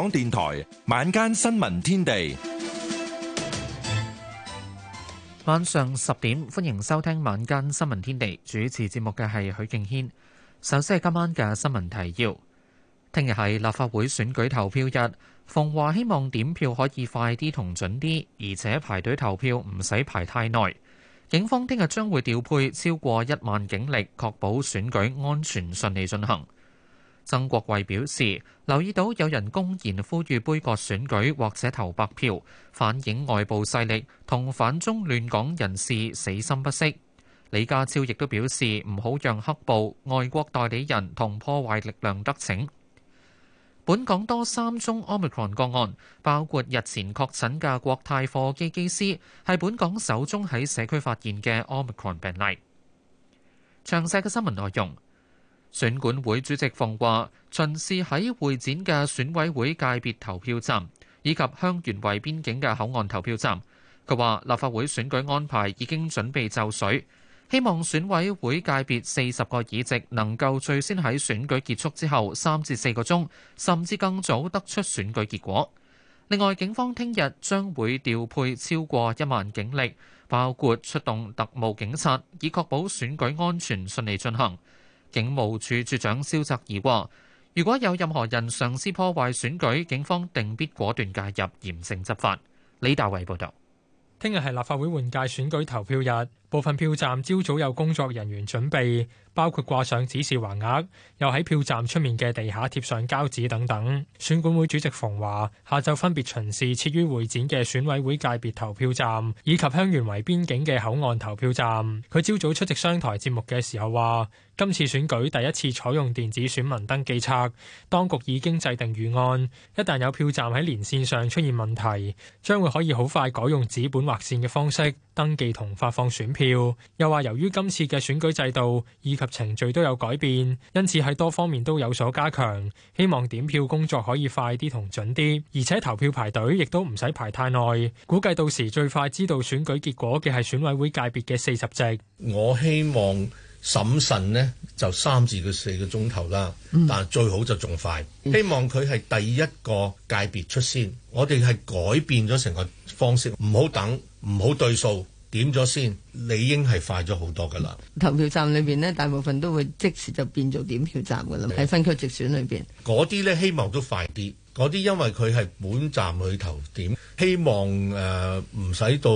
港電台晚間新聞天地，晚上十點歡迎收聽晚間新聞天地。主持節目嘅係許敬軒。首先係今晚嘅新聞提要。聽日係立法會選舉投票日，馮驊，希望點票可以快啲同準啲，而且排隊投票唔使排太耐。警方聽日將會調配超過一萬警力，確保選舉安全順利進行。曾國衛表示，留意到有人公然呼籲杯葛選舉或者投白票，反映外部勢力同反中亂港人士死心不息。李家超亦都表示，唔好讓黑暴、外國代理人同破壞力量得逞。本港多三宗 Omicron 個案，包括日前確診嘅國泰貨機機師，係本港首宗喺社區發現嘅 Omicron 病例。詳細嘅新聞內容。選管會主席馮驊，巡視喺會展嘅選委會界別投票站以及香園圍邊境嘅口岸投票站。佢話立法會選舉安排已經準備就緒，希望選委會界別四十個議席能夠最先喺選舉結束之後三至四個鐘，甚至更早得出選舉結果。另外，警方聽日將會調配超過一萬警力，包括出動特務警察，以確保選舉安全順利進行。警務處處長蕭澤頤話：如果有任何人嘗試破壞選舉，警方定必果斷介入，嚴正執法。李大偉報道。聽日係立法會換屆選舉投票日。部分票站朝早有工作人員準備，包括掛上指示橫額，又喺票站出面嘅地下貼上膠紙等等。選管會主席馮驊下晝分別巡視設於會展嘅選委會界別投票站以及香園圍邊境嘅口岸投票站。佢朝早出席商台節目嘅時候話，今次選舉第一次採用電子選民登記冊，當局已經制定預案，一旦有票站喺連線上出現問題，將會可以好快改用紙本劃線嘅方式。登記同發放選票，又話由於今次嘅選舉制度以及程序都有改變，因此喺多方面都有所加強，希望點票工作可以快啲同準啲，而且投票排隊亦都唔使排太耐。估計到時最快知道選舉結果嘅係選委會界別嘅四十席。我希望審慎呢就三至四個鐘頭啦，但係最好就仲快，希望佢係第一個界別出先。我哋係改變咗成個方式，唔好等，唔好對數。點咗先，理應係快咗好多噶啦。投票站裏邊呢，大部分都會即時就變咗點票站噶啦。喺的分區直選裏邊，嗰啲呢，希望都快啲。嗰啲因為佢係本站去投點，希望誒唔使到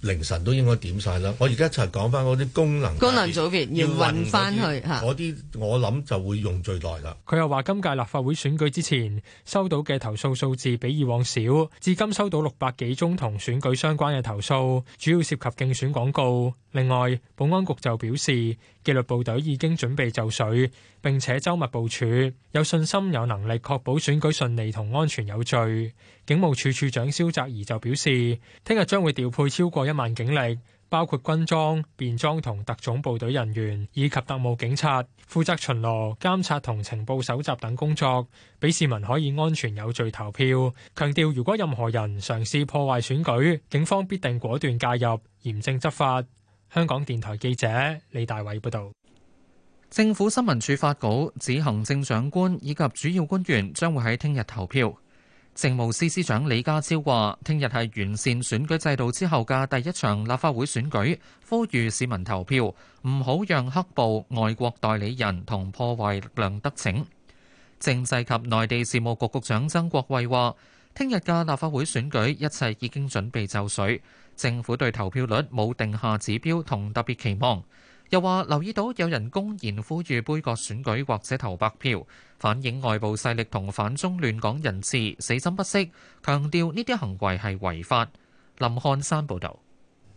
凌晨都應該點晒啦。我而家一齊講翻嗰啲功能功能組別要運翻去吓，嗰啲我諗就會用最耐啦。佢又話今屆立法會選舉之前收到嘅投訴數字比以往少，至今收到六百幾宗同選舉相關嘅投訴，主要涉及競選廣告。另外，保安局就表示，紀律部隊已經準備就緒，並且周密部署，有信心有能力確保選舉順利。同安全有序，警務處處長蕭澤頤就表示，聽日將會調配超過一萬警力，包括軍裝、便裝同特種部隊人員以及特務警察，負責巡邏、監察同情報搜集等工作，俾市民可以安全有序投票。強調如果任何人嘗試破壞選舉，警方必定果斷介入，嚴正執法。香港電台記者李大偉報道。政府新聞處發稿指，行政長官以及主要官員將會喺聽日投票。政務司司長李家超話，聽日係完善選舉制度之後嘅第一場立法會選舉，呼籲市民投票，唔好讓黑暴、外國代理人同破壞力量得逞。政制及內地事務局局長曾國衛話，聽日嘅立法會選舉一切已經準備就緒，政府對投票率冇定下指標同特別期望。又話留意到有人公然呼籲杯葛選舉或者投白票，反映外部勢力同反中亂港人士死心不息，強調呢啲行為係違法。林漢山報導。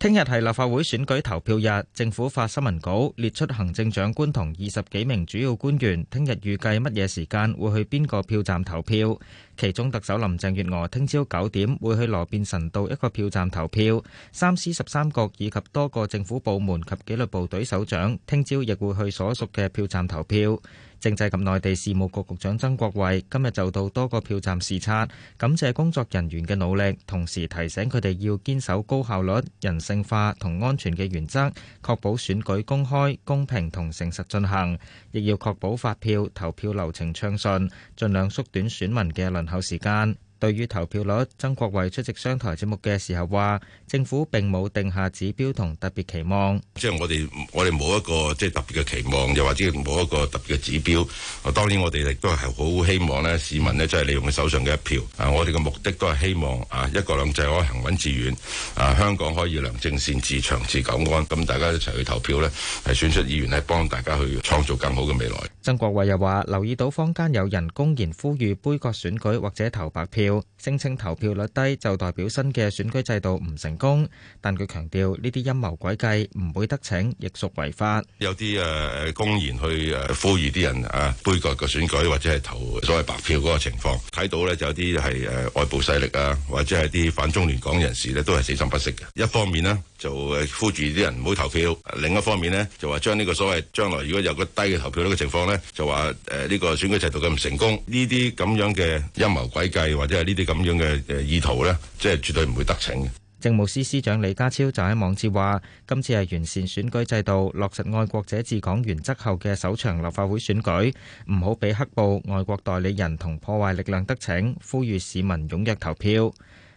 聽日係立法會選舉投票日，政府發新聞稿列出行政長官同二十幾名主要官員聽日預計乜嘢時間會去邊個票站投票。其中特首林鄭月娥聽朝九點會去羅便臣道一個票站投票，三司十三局以及多個政府部門及紀律部隊首長聽朝亦會去所屬嘅票站投票。政制及內地事務局局長曾國衛今日就到多個票站視察，感謝工作人員嘅努力，同時提醒佢哋要堅守高效率、人性化同安全嘅原則，確保選舉公開公平同誠實進行，亦要確保發票投票流程暢順，盡量縮短選民嘅輪候時間。對於投票率，曾國衛出席商台節目嘅時候話：政府並冇定下指標同特別期望，即係我哋我哋冇一個即係特別嘅期望，又或者冇一個特別嘅指標。當然我哋亦都係好希望咧，市民咧即係利用佢手上嘅一票。啊，我哋嘅目的都係希望啊，一國兩制可以行穩致遠，啊，香港可以良政善治、長治久安。咁大家一齊去投票呢係選出議員，係幫大家去創造更好嘅未來。曾國衛又話：留意到坊間有人公然呼籲杯葛選舉或者投白票，聲稱投票率低就代表新嘅選舉制度唔成功。但佢強調呢啲陰謀詭計唔會得逞，亦屬違法。有啲誒，公然去誒呼籲啲人誒杯葛個選舉或者係投所謂白票嗰個情況，睇到咧就有啲係誒外部勢力啊，或者係啲反中亂港人士咧都係死心不息嘅。一方面咧。就誒呼住啲人唔好投票。另一方面咧，就話將呢個所謂將來如果有個低嘅投票呢個情況咧，就話誒呢個選舉制度嘅唔成功。呢啲咁樣嘅陰謀詭計或者係呢啲咁樣嘅誒意圖咧，即係絕對唔會得逞嘅。政務司司長李家超就喺網誌話：今次係完善選舉制度、落實愛國者治港原則後嘅首場立法會選舉，唔好俾黑暴、外國代理人同破壞力量得逞，呼籲市民踴躍投票。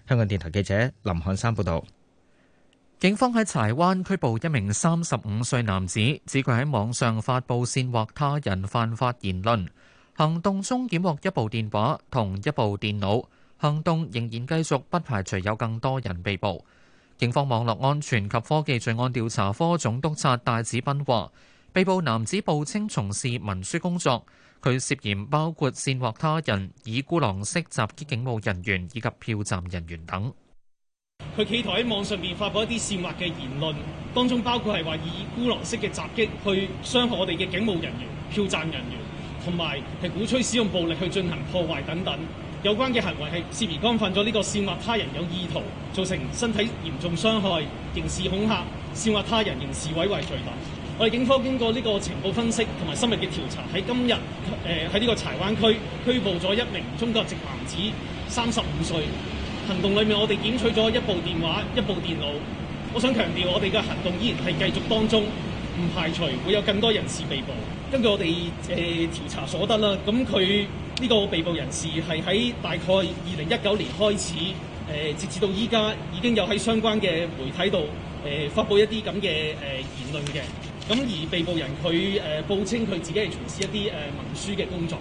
香港電台記者林漢山報導。警方喺柴灣拘捕一名三十五歲男子，指佢喺網上發布煽惑他人犯法言論。行動中檢獲一部電話同一部電腦。行動仍然繼續，不排除有更多人被捕。警方網絡安全及科技罪案調查科總督察戴子斌話，被捕男子報稱從事文書工作，佢涉嫌包括煽惑他人、以孤狼式襲擊警務人員以及票站人員等。佢企圖喺網上面發佈一啲煽惑嘅言論，當中包括係話以孤狼式嘅襲擊去傷害我哋嘅警務人員、票站人員，同埋係鼓吹使用暴力去進行破壞等等。有關嘅行為係涉嫌干犯咗呢個煽惑他人有意圖造成身體嚴重傷害、刑事恐嚇、煽惑他人刑事毀壞罪名。我哋警方經過呢個情報分析同埋深入嘅調查，喺今日誒喺呢個柴灣區拘捕咗一名中國籍男子，三十五歲。行動裏面，我哋檢取咗一部電話、一部電腦。我想強調，我哋嘅行動依然係繼續當中，唔排除會有更多人士被捕。根據我哋誒、呃、調查所得啦，咁佢呢個被捕人士係喺大概二零一九年開始誒、呃，截至到依家已經有喺相關嘅媒體度誒、呃、發佈一啲咁嘅誒言論嘅。咁而被捕人佢誒、呃、報稱佢自己係從事一啲誒、呃、文書嘅工作。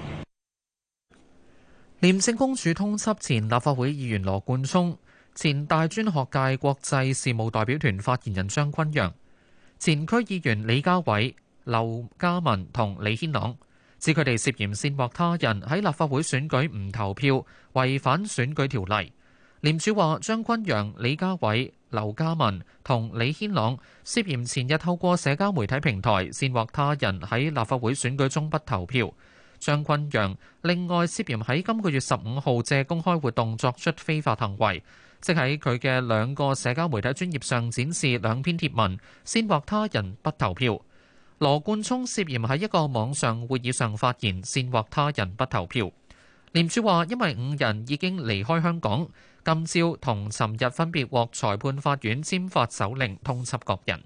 廉政公署通緝前立法會議員羅冠聰、前大專學界國際事務代表團發言人張崑陽、前區議員李家偉、劉家文同李軒朗，指佢哋涉嫌煽惑他人喺立法會選舉唔投票，違反選舉條例。廉署話，張崑陽、李家偉、劉家文同李軒朗涉嫌前日透過社交媒體平台煽惑他人喺立法會選舉中不投票。張張崑陽，另外涉嫌喺今個月十五號借公開活動作出非法行為，即喺佢嘅兩個社交媒體專頁上展示兩篇貼文，煽惑他人不投票。羅冠聰涉嫌喺一個網上會議上發言，煽惑他人不投票。廉署話，因為五人已經離開香港，今朝同尋日分別獲裁判法院簽發手令通緝各人。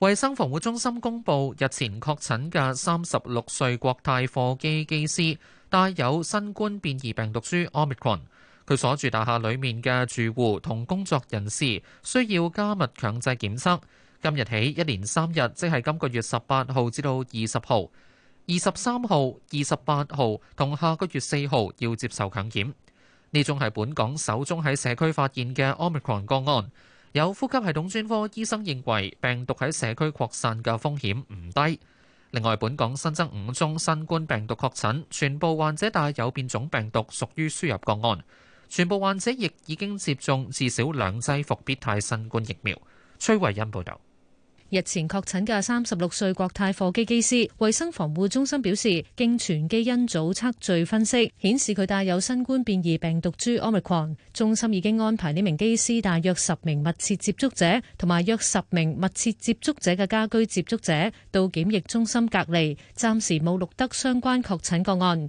衛生防護中心公布，日前確診嘅三十六歲國泰貨機機師帶有新冠變異病毒株 Omicron，佢所住大廈裏面嘅住戶同工作人士需要加密強制檢測。今日起一連三日，即係今個月十八號至到二十號、二十三號、二十八號同下個月四號要接受強檢。呢宗係本港首宗喺社區發現嘅 Omicron 個案。有呼吸系統專科醫生認為，病毒喺社區擴散嘅風險唔低。另外，本港新增五宗新冠病毒確診，全部患者帶有變種病毒，屬於輸入個案。全部患者亦已經接種至少兩劑復必泰新冠疫苗。崔慧恩報導。日前確診嘅三十六歲國泰貨機機師，衛生防護中心表示，經全基因組測序分析，顯示佢帶有新冠變異病毒株 Omicron。中心已經安排呢名機師、大約十名密切接觸者同埋約十名密切接觸者嘅家居接觸者到檢疫中心隔離，暫時冇錄得相關確診個案。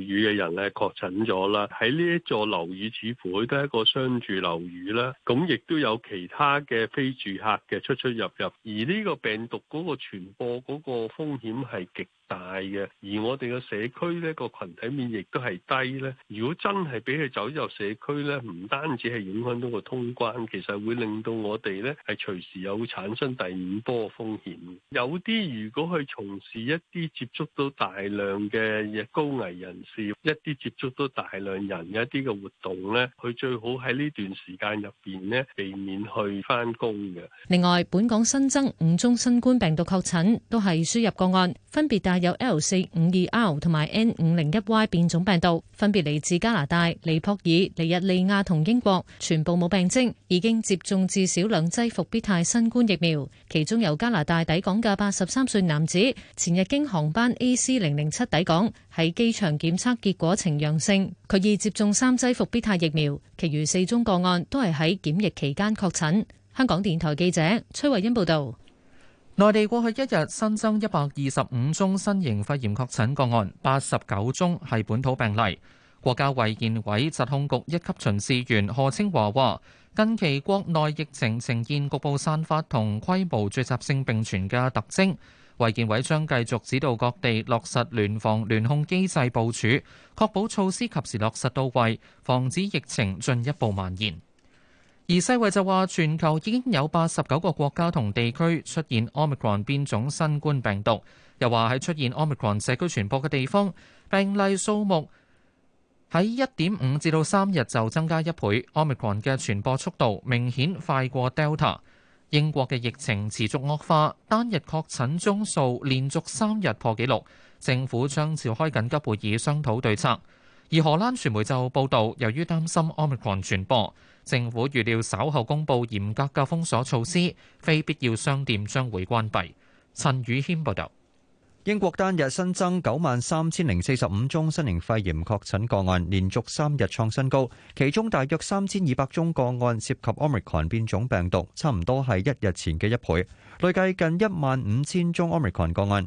樓宇嘅人咧確診咗啦，喺呢一座樓宇，似乎佢都係一個商住樓宇啦，咁亦都有其他嘅非住客嘅出出入入，而呢個病毒嗰個傳播嗰個風險係極大嘅，而我哋嘅社區咧個群體免疫都係低咧。如果真係俾佢走入社區咧，唔單止係影響到個通關，其實會令到我哋咧係隨時有產生第五波風險，有啲如果去從事一啲接觸到大量嘅高危人士，一啲接觸到大量人一啲嘅活動咧，佢最好喺呢段時間入邊咧避免去翻工嘅。另外，本港新增五宗新冠病毒確診都係輸入個案，分別帶。有 L 四五二 R 同埋 N 五零一 Y 變種病毒，分別嚟自加拿大、尼泊爾、尼日利亞同英國，全部冇病徵，已經接種至少兩劑復必泰新冠疫苗。其中由加拿大抵港嘅八十三歲男子，前日經航班 A C 零零七抵港，喺機場檢測結果呈陽性，佢已接種三劑復必泰疫苗。其餘四宗個案都係喺檢疫期間確診。香港電台記者崔慧欣報道。內地過去一日新增一百二十五宗新型肺炎確診個案，八十九宗係本土病例。國家衛健委疾控局一級巡視員賀清華話：近期國內疫情呈現局部散發同規模聚集性並存嘅特徵。衛健委將繼續指導各地落實聯防聯控機制部署，確保措施及時落實到位，防止疫情進一步蔓延。而世衛就話，全球已經有八十九個國家同地區出現 Omicron 變種新冠病毒，又話喺出現 Omicron 社區傳播嘅地方，病例數目喺一點五至到三日就增加一倍。Omicron 嘅傳播速度明顯快過 Delta。英國嘅疫情持續惡化，單日確診宗數連續三日破紀錄，政府將召開緊急會議商討對策。而荷蘭傳媒就報導，由於擔心 Omicron 傳播，政府預料稍後公布嚴格嘅封鎖措施，非必要商店將會關閉。陳宇軒報導，英國單日新增九萬三千零四十五宗新型肺炎確診個案，連續三日創新高，其中大約三千二百宗個案涉及 Omicron 變種病毒，差唔多係一日前嘅一倍，累計近一萬五千宗 Omicron 個案。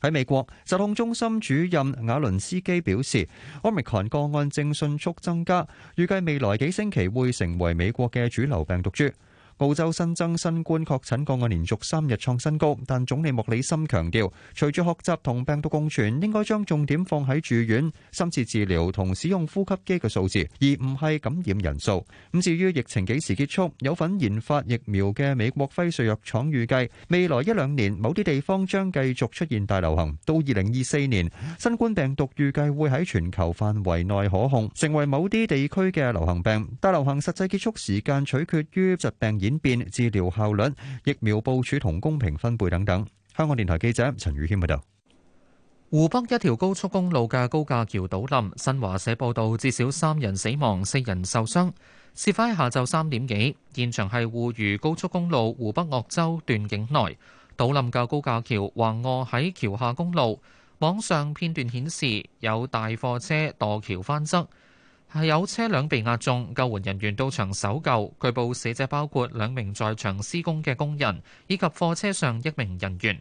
喺美國，疾控中心主任瓦倫斯基表示，Omicron 個案正迅速增加，預計未來幾星期會成為美國嘅主流病毒株。澳洲新增新冠確診個案連續三日創新高，但總理莫里森強調，隨住學習同病毒共存，應該將重點放喺住院深切治療同使用呼吸機嘅數字，而唔係感染人數。咁至於疫情幾時結束，有份研發疫苗嘅美國輝瑞藥廠預計，未來一兩年某啲地方將繼續出現大流行。到二零二四年，新冠病毒預計會喺全球範圍內可控，成為某啲地區嘅流行病。大流行實際結束時間取決於疾病演演變、治療效率、疫苗部署同公平分配等等。香港電台記者陳宇謙報道。湖北一條高速公路嘅高架橋倒冧，新華社報道至少三人死亡，四人受傷。事發喺下晝三點幾，現場係滬渝高速公路湖北鄂州段境內，倒冧嘅高架橋橫臥喺橋下公路。網上片段顯示有大貨車墮橋翻側。係有車輛被壓中，救援人員到場搜救。據報死者包括兩名在場施工嘅工人以及貨車上一名人員。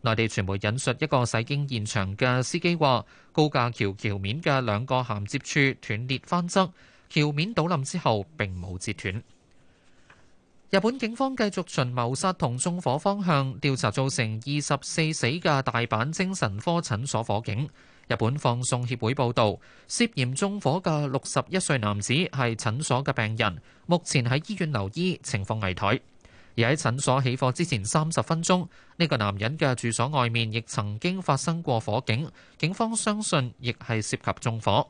內地傳媒引述一個駛經現場嘅司機話：高架橋橋面嘅兩個銜接處斷裂翻側，橋面倒冧之後並冇截斷。日本警方繼續循謀殺同縱火方向調查，造成二十四死嘅大阪精神科診所火警。日本放送協會報道，涉嫌縱火嘅六十一歲男子係診所嘅病人，目前喺醫院留醫，情況危殆。而喺診所起火之前三十分鐘，呢個男人嘅住所外面亦曾經發生過火警，警方相信亦係涉及縱火。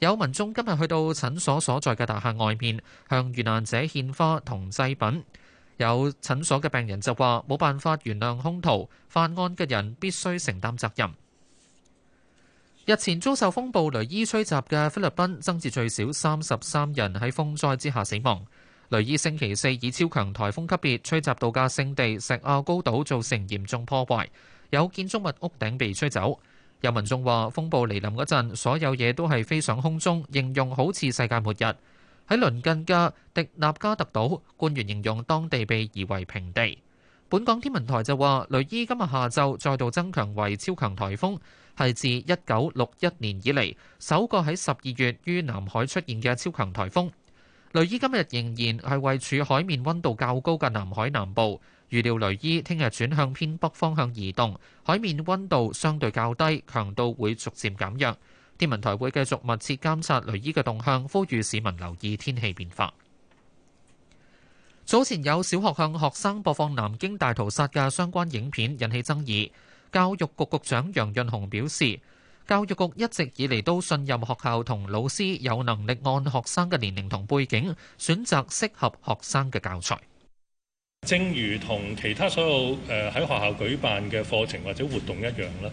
有民眾今日去到診所所在嘅大廈外面，向遇難者獻花同祭品。有診所嘅病人就話：冇辦法原諒兇徒，犯案嘅人必須承擔責任。日前遭受風暴雷伊吹襲嘅菲律賓，增至最少三十三人喺風災之下死亡。雷伊星期四以超強颱風級別吹襲度假勝地錫亞高島，造成嚴重破壞，有建築物屋頂被吹走。有民眾話風暴嚟臨嗰陣，所有嘢都係飛上空中，形容好似世界末日。喺鄰近嘅迪納加特島，官員形容當地被夷為平地。本港天文台就話，雷伊今日下晝再度增強為超強颱風。係自一九六一年以嚟，首個喺十二月於南海出現嘅超強颱風雷伊，今日仍然係位處海面溫度較高嘅南海南部。預料雷伊聽日轉向偏北方向移動，海面溫度相對較低，強度會逐漸減弱。天文台會繼續密切監察雷伊嘅動向，呼籲市民留意天氣變化。早前有小學向學生播放南京大屠殺嘅相關影片，引起爭議。教育局局長楊潤雄表示，教育局一直以嚟，都信任學校同老師有能力按學生嘅年齡同背景選擇適合學生嘅教材。正如同其他所有誒喺學校舉辦嘅課程或者活動一樣啦，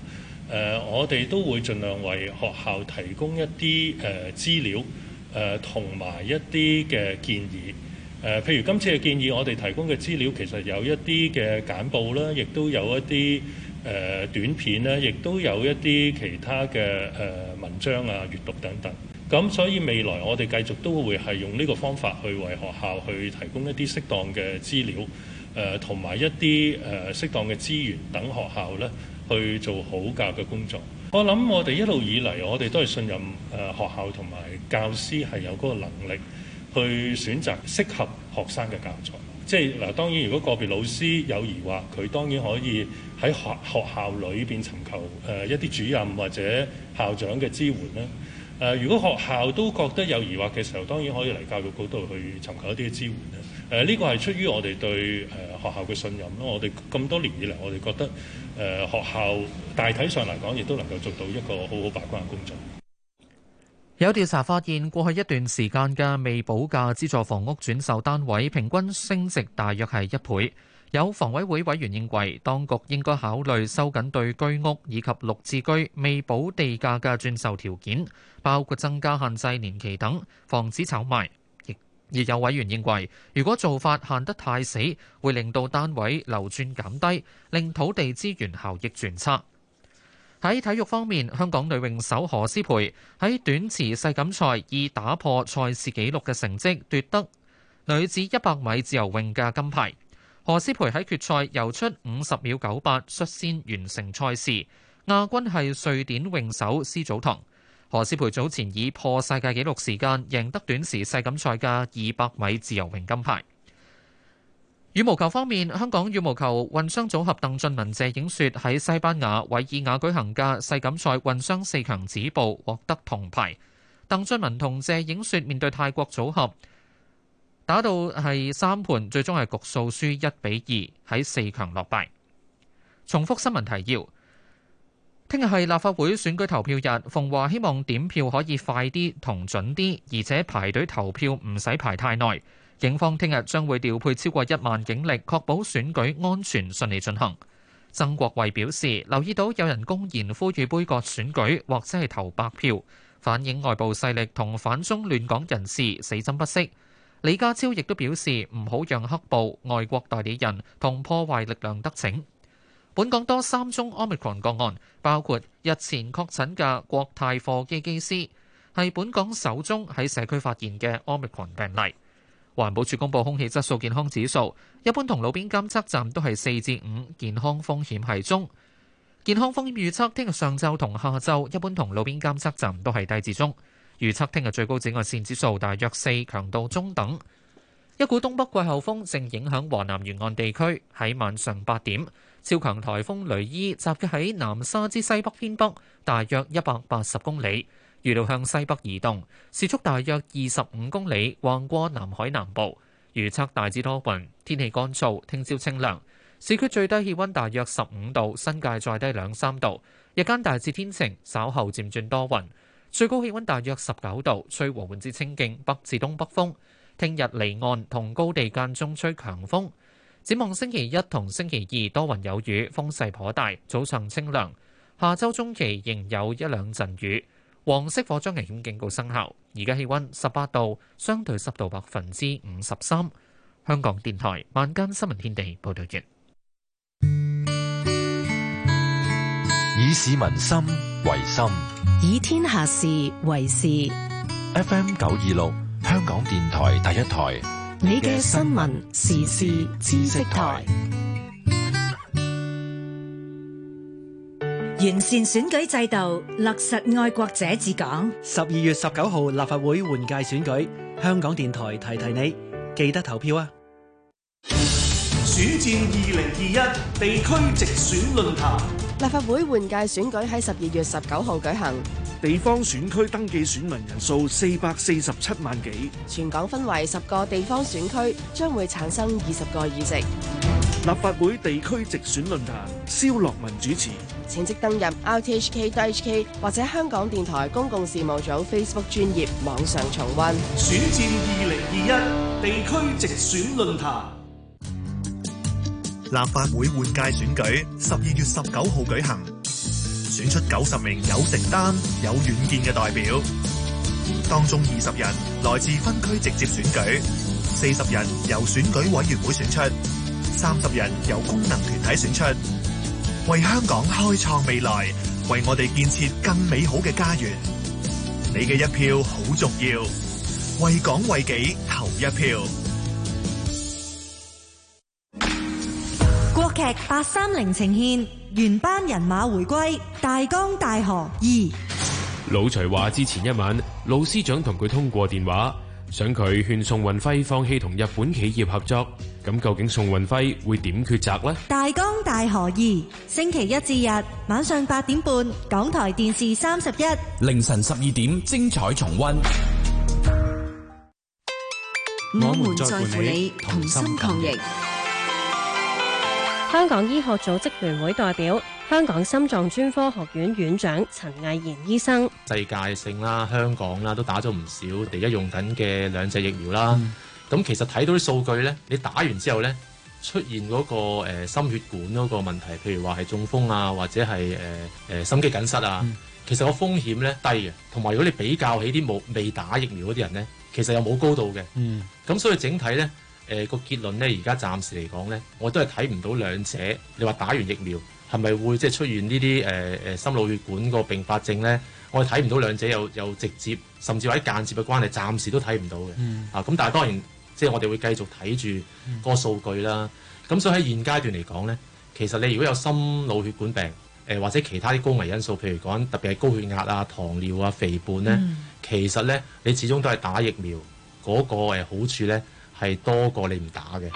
誒，我哋都會盡量為學校提供一啲誒資料誒，同埋一啲嘅建議誒。譬如今次嘅建議，我哋提供嘅資料其實有一啲嘅簡報啦，亦都有一啲。誒、呃、短片呢亦都有一啲其他嘅，誒、呃、文章啊、閱讀等等。咁所以未來我哋繼續都會係用呢個方法去為學校去提供一啲適當嘅資料，誒同埋一啲誒適當嘅資源，等學校呢去做好教嘅工作。我諗我哋一路以嚟，我哋都係信任誒、呃、學校同埋教師係有嗰個能力去選擇適合學生嘅教材。即係嗱，當然如果個別老師有疑惑，佢當然可以喺學學校裏邊尋求誒、呃、一啲主任或者校長嘅支援啦。誒、呃，如果學校都覺得有疑惑嘅時候，當然可以嚟教育局度去尋求一啲嘅支援啦。誒、呃，呢、這個係出於我哋對誒、呃、學校嘅信任咯。我哋咁多年以嚟，我哋覺得誒、呃、學校大體上嚟講，亦都能夠做到一個好好把關嘅工作。有調查發現，過去一段時間嘅未補價資助房屋轉售單位平均升值大約係一倍。有房委會委員認為，當局應該考慮收緊對居屋以及綠置居未補地價嘅轉售條件，包括增加限制年期等，防止炒賣。亦有委員認為，如果做法限得太死，會令到單位流轉減低，令土地資源效益轉差。喺體育方面，香港女泳手何詩蓓喺短池世錦賽以打破賽事紀錄嘅成績奪得女子一百米自由泳嘅金牌。何詩蓓喺決賽游出五十秒九八，率先完成賽事。亞軍係瑞典泳手斯祖唐。何詩蓓早前以破世界紀錄時間贏得短池世錦賽嘅二百米自由泳金牌。羽毛球方面，香港羽毛球混雙組合鄧俊文、謝影雪喺西班牙韋爾瓦舉行嘅世錦賽混雙四強止步，獲得銅牌。鄧俊文同謝影雪面對泰國組合，打到係三盤，最終係局數輸一比二，喺四強落敗。重複新聞提要，聽日係立法會選舉投票日，馮華希望點票可以快啲同準啲，而且排隊投票唔使排太耐。警方聽日將會調配超過一萬警力，確保選舉安全順利進行。曾國衛表示留意到有人公然呼籲杯葛選舉或者係投白票，反映外部勢力同反中亂港人士死心不息。李家超亦都表示唔好讓黑暴、外國代理人同破壞力量得逞。本港多三宗 Omicron 個案，包括日前確診嘅國泰貨機機師，係本港首宗喺社區發現嘅 Omicron 病例。環保署公布空氣質素健康指數，一般同路邊監測站都係四至五，健康風險係中。健康風險預測，聽日上晝同下晝，一般同路邊監測站都係低至中。預測聽日最高紫外線指數大約四，強度中等。一股東北季候風正影響華南沿岸地區，喺晚上八點，超強颱風雷伊集結喺南沙之西北偏北，大約一百八十公里。預料向西北移動，時速大約二十五公里，橫過南海南部。預測大致多雲，天氣乾燥。聽朝清涼，市區最低氣温大約十五度，新界再低兩三度。日間大致天晴，稍後漸轉多雲。最高氣温大約十九度，吹和緩至清勁北至東北風。聽日離岸同高地間中吹強風。展望星期一同星期二多雲有雨，風勢頗大，早上清涼。下周中期仍有一兩陣雨。黃色火災危險警告生效，而家氣溫十八度，相對濕度百分之五十三。香港電台晚間新聞天地報道完。以市民心為心，以天下事為事。FM 九二六，香港電台第一台，你嘅新聞時事知識台。完善選舉制度，落實愛國者治港。十二月十九號立法會換屆選舉，香港電台提提你，記得投票啊！選戰二零二一地區直選論壇，立法會換屆選舉喺十二月十九號舉行。地方選區登記選民人數四百四十七萬幾，全港分為十個地方選區，將會產生二十個議席。立法會地區直選論壇，蕭樂文主持，請即登入 rthk.hk 或者香港電台公共事務組 Facebook 專頁，網上重溫。選戰二零二一地區直選論壇，立法會換屆選舉十二月十九號舉行，選出九十名有承擔、有遠見嘅代表，當中二十人來自分區直接選舉，四十人由選舉委員會選出，三十人由功能團體選出，為香港開創未來，為我哋建設更美好嘅家園。你嘅一票好重要，為港為己投一票。國劇八三零呈現原班人馬回歸《大江大河二》。老徐話：之前一晚，老師長同佢通過電話。想佢勸宋云輝放棄同日本企業合作，咁究竟宋云輝會點抉擇呢？大江大河二，星期一至日晚上八點半，港台電視三十一，凌晨十二點精彩重温。我們在乎你，同心抗疫。香港醫學組織聯會代表。香港心臟專科學院院長陳藝賢醫生：世界性啦，香港啦，都打咗唔少第一用緊嘅兩隻疫苗啦。咁、嗯、其實睇到啲數據咧，你打完之後咧，出現嗰，那個誒、呃、心血管嗰個問題，譬如話係中風啊，或者係誒誒心肌梗塞啊，嗯、其實個風險咧，低嘅。同埋如果你比較起啲冇，未打疫苗嗰啲人咧，其實有冇高度嘅。咁、嗯、所以整體咧，誒、呃、個結論咧，而家暫時嚟講咧，我都係睇唔到兩者。你話打完疫苗。係咪會即係出現呢啲誒誒心腦血管個併發症咧？我哋睇唔到兩者有有直接，甚至或者間接嘅關係，暫時都睇唔到嘅。嗯、啊，咁但係當然，即係我哋會繼續睇住個數據啦。咁、嗯、所以喺現階段嚟講咧，其實你如果有心腦血管病，誒、呃、或者其他啲高危因素，譬如講特別係高血壓啊、糖尿啊、肥胖咧，嗯、其實咧你始終都係打疫苗嗰、那個好處咧，係多過你唔打嘅。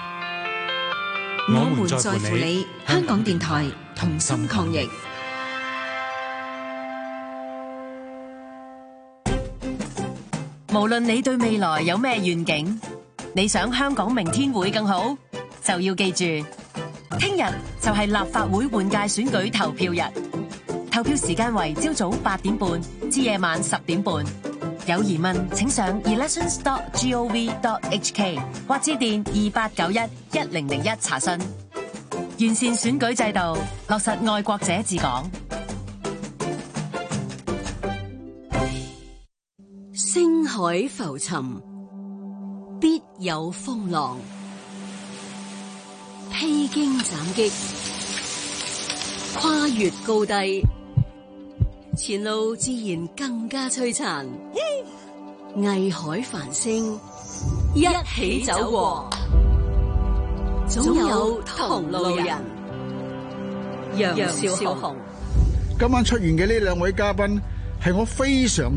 我們在乎你，香港電台。同心抗疫，無論你對未來有咩願景，你想香港明天會更好，就要記住，聽日就係立法會換屆選舉投票日。投票時間為朝早八點半至夜晚十點半。有疑問，請上 elections.gov.hk 或致電二八九一一零零一查詢。完善選舉制度，落實愛國者治港。星海浮沉，必有風浪；披荊斬棘，跨越高低，前路自然更加璀璨。藝 海繁星，一起走過。總有同路人，楊少紅。今晚出現嘅呢兩位嘉賓，係我非常。